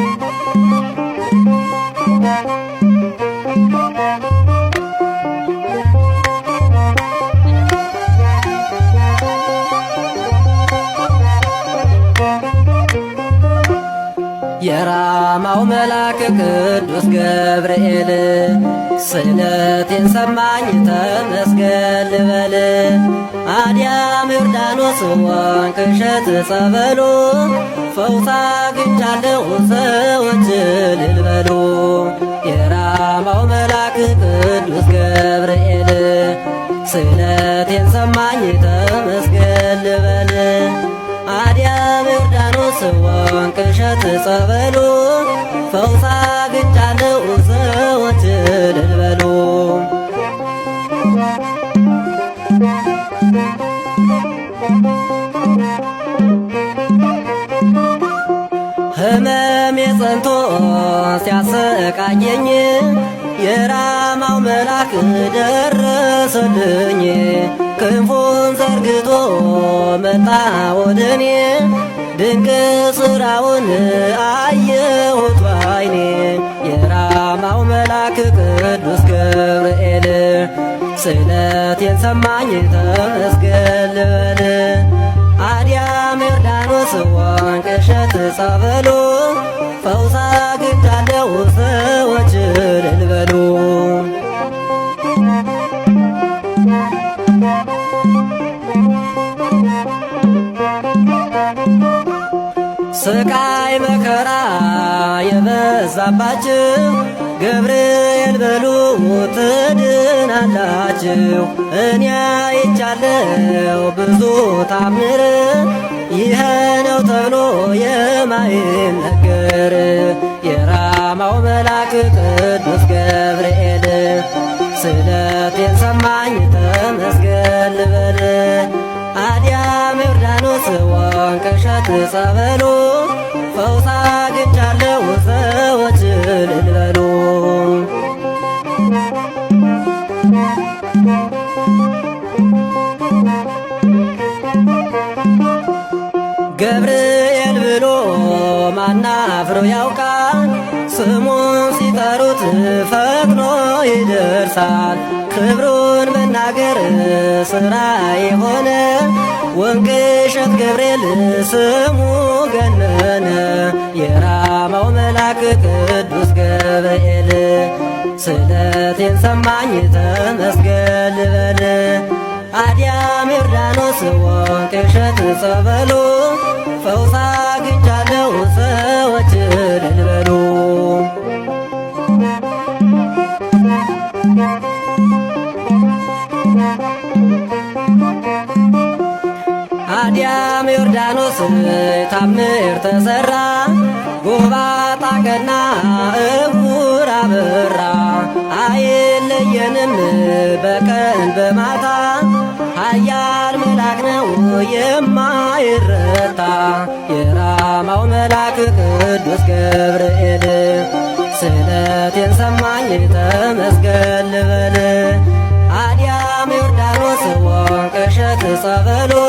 Thank you. የመጣው መልአክ ቅዱስ ገብርኤል ስእለቴን ሰማኝ ተመስገን ልበል። አዲያም ዮርዳኖስ ዋንክሸት ጸበሉ ፈውሳ ግንቻለው ሰዎች ልልበሉ የራማው መልአክ ቅዱስ ገብርኤል ስእለቴን ሰማኝ ተመስገን ልበል አዲያም ዮርዳኖስ ዋንክሸት ጸበሉ ህመሜ ጸንቶ ሲያሰቃየኝ የራማው መልአክ ደረሰልኝ። ክንፉን ዘርግቶ መጣ ወደኔ ድንቅ ስራውን አየሁት ባይኔ። የራማው መልአክ ቅዱስ ገብርኤል ስለቴን ሰማኝ ተመስገን ልበል። ጽዋን ቅሸት ጻበሉ ፈውሳ ግዳለው ሰዎች ልልበሉ ስቃይ መከራ የበዛባችሁ ገብርኤል በሉ ትድናላችሁ። እኔ አይቻለው ብዙ ታምር ይህ ነው ተብሎ የማይነገር የራማው መልአክ ቅዱስ ገብርኤል ስለቴን ሰማኝ ተመስገን ልበል። አዲያም ዮርዳኖስ ወንቀሸት ጸበሉ ፈውሳ ኖሮ ያውቃል ስሙን ሲጠሩት ፈጥኖ ይደርሳል። ክብሩን መናገር ስራ የሆነ ወንቅ ወንቅሸት ገብርኤል ስሙ ገነነ የራማው መልአክ ቅዱስ ገብርኤል ስለቴን ሰማኝ ተመስገን ልበል አዲያም ዮርዳኖስ ወንቅሸት ጸበሉ ታዲያም ዮርዳኖስ ታምር ተሰራ፣ ጎባጣ ቀና፣ እውር አበራ። አይለየንም በቀን በማታ ኃያል መልአክ ነው የማይረታ የራማው መልአክ ቅዱስ ገብርኤል ስለቴን ሰማኝ ተመስገን ልበል አዲያም ዮርዳኖስ ወንቀሸት ጸበሎ